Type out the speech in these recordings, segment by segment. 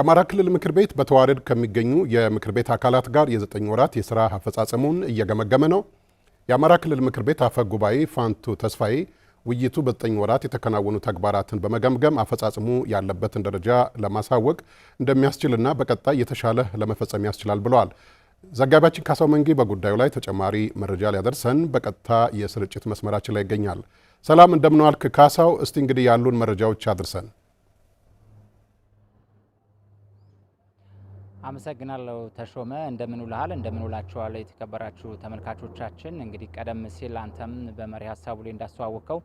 አማራ ክልል ምክር ቤት በተዋረድ ከሚገኙ የምክር ቤት አካላት ጋር የዘጠኝ ወራት የስራ አፈጻጸሙን እየገመገመ ነው። የአማራ ክልል ምክር ቤት አፈ ጉባኤ ፋንቱ ተስፋዬ ውይይቱ በዘጠኝ ወራት የተከናወኑ ተግባራትን በመገምገም አፈጻጽሙ ያለበትን ደረጃ ለማሳወቅ እንደሚያስችልና በቀጣይ የተሻለ ለመፈጸም ያስችላል ብለዋል። ዘጋቢያችን ካሳው መንጌ በጉዳዩ ላይ ተጨማሪ መረጃ ሊያደርሰን በቀጥታ የስርጭት መስመራችን ላይ ይገኛል። ሰላም እንደምንዋልክ ካሳው፣ እስቲ እንግዲህ ያሉን መረጃዎች አድርሰን። አመሰግናለሁ ተሾመ። እንደምን ውልሃል? እንደምን ውላችኋል? የተከበራችሁ ተመልካቾቻችን እንግዲህ ቀደም ሲል አንተም በመሪ ሀሳቡ ላይ እንዳስተዋወቀው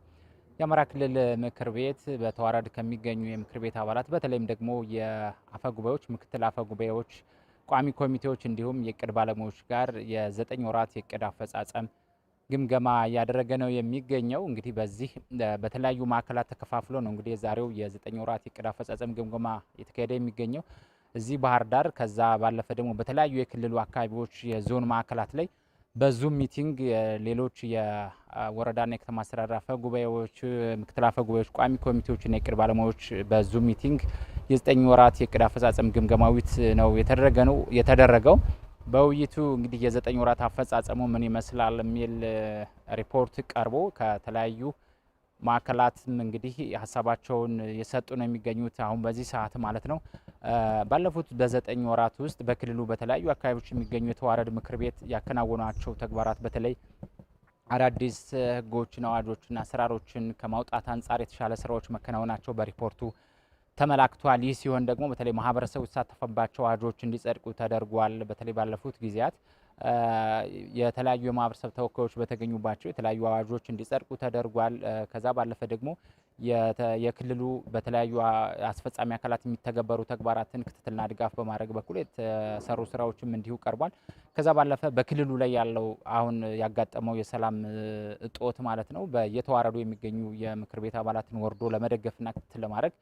የአማራ ክልል ምክር ቤት በተዋረድ ከሚገኙ የምክር ቤት አባላት በተለይም ደግሞ የአፈ ምክትል አፈ ጉባኤዎች፣ ቋሚ ኮሚቴዎች እንዲሁም የእቅድ ባለሙያዎች ጋር የዘጠኝ ወራት የእቅድ አፈጻጸም ግምገማ እያደረገ ነው የሚገኘው። እንግዲህ በዚህ በተለያዩ ማዕከላት ተከፋፍሎ ነው እንግዲህ የዛሬው የዘጠኝ ወራት የእቅድ አፈጻጸም ግምገማ የተካሄደ የሚገኘው እዚህ ባህር ዳር ከዛ ባለፈ ደግሞ በተለያዩ የክልሉ አካባቢዎች የዞን ማዕከላት ላይ በዙም ሚቲንግ ሌሎች የወረዳና የከተማ አስተዳደር አፈ ጉባኤዎች፣ ምክትል አፈ ጉባኤዎች፣ ቋሚ ኮሚቴዎችና የቅድ ባለሙያዎች በዙም ሚቲንግ የዘጠኝ ወራት የቅድ አፈጻጸም ግምገማዊት ነው የተደረገው። በውይይቱ እንግዲህ የዘጠኝ ወራት አፈጻጸሙ ምን ይመስላል የሚል ሪፖርት ቀርቦ ከተለያዩ ማዕከላትም እንግዲህ ሀሳባቸውን የሰጡ ነው የሚገኙት አሁን በዚህ ሰዓት ማለት ነው። ባለፉት በዘጠኝ ወራት ውስጥ በክልሉ በተለያዩ አካባቢዎች የሚገኙ የተዋረድ ምክር ቤት ያከናወናቸው ተግባራት በተለይ አዳዲስ ህጎችን አዋጆችን፣ አሰራሮችን ከማውጣት አንጻር የተሻለ ስራዎች መከናወናቸው በሪፖርቱ ተመላክቷል። ይህ ሲሆን ደግሞ በተለይ ማህበረሰቡ የተሳተፈባቸው አዋጆች እንዲጸድቁ ተደርጓል። በተለይ ባለፉት ጊዜያት የተለያዩ የማህበረሰብ ተወካዮች በተገኙባቸው የተለያዩ አዋጆች እንዲጸድቁ ተደርጓል። ከዛ ባለፈ ደግሞ የክልሉ በተለያዩ አስፈጻሚ አካላት የሚተገበሩ ተግባራትን ክትትልና ድጋፍ በማድረግ በኩል የተሰሩ ስራዎችም እንዲሁ ቀርቧል። ከዛ ባለፈ በክልሉ ላይ ያለው አሁን ያጋጠመው የሰላም እጦት ማለት ነው በየተዋረዱ የሚገኙ የምክር ቤት አባላትን ወርዶ ለመደገፍና ክትትል ለማድረግ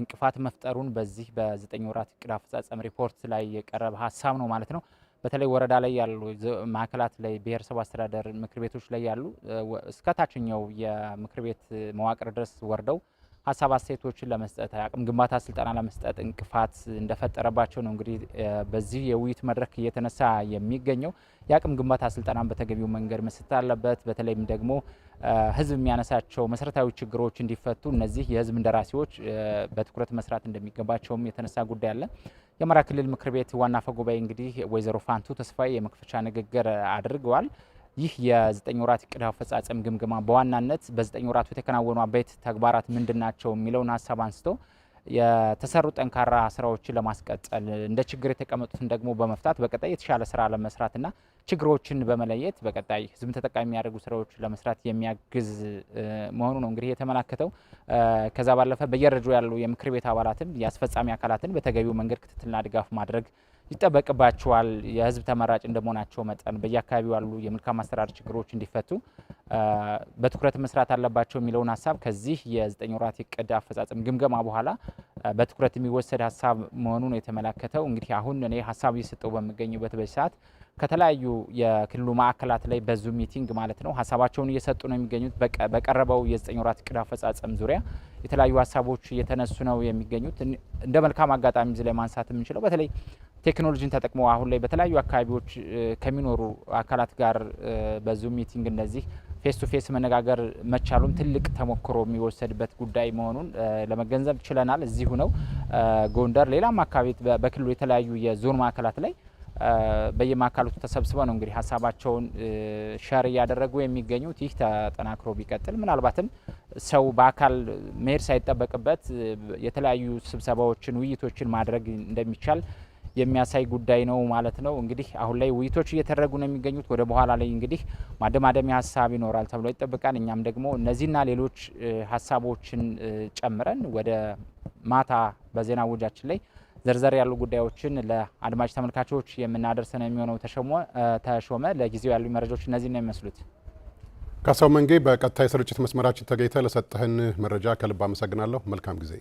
እንቅፋት መፍጠሩን በዚህ በዘጠኝ ወራት እቅድ አፈጻጸም ሪፖርት ላይ የቀረበ ሀሳብ ነው ማለት ነው። በተለይ ወረዳ ላይ ያሉ ማዕከላት ላይ ብሔረሰብ አስተዳደር ምክር ቤቶች ላይ ያሉ እስከ ታችኛው የምክር ቤት መዋቅር ድረስ ወርደው ሀሳብ አስተያየቶችን ለመስጠት አቅም ግንባታ ስልጠና ለመስጠት እንቅፋት እንደፈጠረባቸው ነው። እንግዲህ በዚህ የውይይት መድረክ እየተነሳ የሚገኘው የአቅም ግንባታ ስልጠናን በተገቢው መንገድ መስጠት አለበት። በተለይም ደግሞ ሕዝብ የሚያነሳቸው መሰረታዊ ችግሮች እንዲፈቱ እነዚህ የሕዝብ እንደራሴዎች በትኩረት መስራት እንደሚገባቸውም የተነሳ ጉዳይ አለ። የአማራ ክልል ምክር ቤት ዋና አፈ ጉባኤ እንግዲህ ወይዘሮ ፋንቱ ተስፋዬ የመክፈቻ ንግግር አድርገዋል። ይህ የዘጠኝ ወራት እቅድ አፈጻጸም ግምገማ በዋናነት በዘጠኝ ወራቱ የተከናወኑ አበይት ተግባራት ምንድን ናቸው የሚለውን ሀሳብ አንስቶ የተሰሩ ጠንካራ ስራዎችን ለማስቀጠል እንደ ችግር የተቀመጡትን ደግሞ በመፍታት በቀጣይ የተሻለ ስራ ለመስራትና ችግሮችን በመለየት በቀጣይ ህዝብን ተጠቃሚ የሚያደርጉ ስራዎች ለመስራት የሚያግዝ መሆኑ ነው እንግዲህ የተመላከተው። ከዛ ባለፈ በየደረጃው ያሉ የምክር ቤት አባላትም የአስፈጻሚ አካላትን በተገቢው መንገድ ክትትልና ድጋፍ ማድረግ ይጠበቅባቸዋል። የህዝብ ተመራጭ እንደመሆናቸው መጠን በየአካባቢው ያሉ የመልካም አሰራር ችግሮች እንዲፈቱ በትኩረት መስራት አለባቸው የሚለውን ሀሳብ ከዚህ የዘጠኝ ወራት እቅድ አፈጻጸም ግምገማ በኋላ በትኩረት የሚወሰድ ሀሳብ መሆኑን የተመላከተው እንግዲህ አሁን እኔ ሀሳብ እየሰጠው በሚገኝበት በዚህ ሰዓት ከተለያዩ የክልሉ ማዕከላት ላይ በዙም ሚቲንግ ማለት ነው ሀሳባቸውን እየሰጡ ነው የሚገኙት። በቀረበው የዘጠኝ ወራት እቅድ አፈጻጸም ዙሪያ የተለያዩ ሀሳቦች እየተነሱ ነው የሚገኙት። እንደ መልካም አጋጣሚ ዚ ላይ ማንሳት የምንችለው በተለይ ቴክኖሎጂን ተጠቅሞ አሁን ላይ በተለያዩ አካባቢዎች ከሚኖሩ አካላት ጋር በዙም ሚቲንግ እነዚህ ፌስ ቱ ፌስ መነጋገር መቻሉም ትልቅ ተሞክሮ የሚወሰድበት ጉዳይ መሆኑን ለመገንዘብ ችለናል። እዚሁ ነው ጎንደር፣ ሌላም አካባቢ በክልሉ የተለያዩ የዞን ማዕከላት ላይ በየማዕከላቱ ተሰብስበው ነው እንግዲህ ሀሳባቸውን ሸር እያደረጉ የሚገኙት። ይህ ተጠናክሮ ቢቀጥል ምናልባትም ሰው በአካል መሄድ ሳይጠበቅበት የተለያዩ ስብሰባዎችን፣ ውይይቶችን ማድረግ እንደሚቻል የሚያሳይ ጉዳይ ነው ማለት ነው። እንግዲህ አሁን ላይ ውይይቶች እየተደረጉ ነው የሚገኙት። ወደ በኋላ ላይ እንግዲህ ማደማደሚያ ሀሳብ ይኖራል ተብሎ ይጠበቃል። እኛም ደግሞ እነዚህና ሌሎች ሀሳቦችን ጨምረን ወደ ማታ በዜና ውጃችን ላይ ዘርዘር ያሉ ጉዳዮችን ለአድማጭ ተመልካቾች የምናደርስ ነው የሚሆነው። ተሾመ፣ ለጊዜው ያሉ መረጃዎች እነዚህ ነው የሚመስሉት። ካሳው መንጌ፣ በቀጥታ የስርጭት መስመራችን ተገኝተ ለሰጠህን መረጃ ከልብ አመሰግናለሁ። መልካም ጊዜ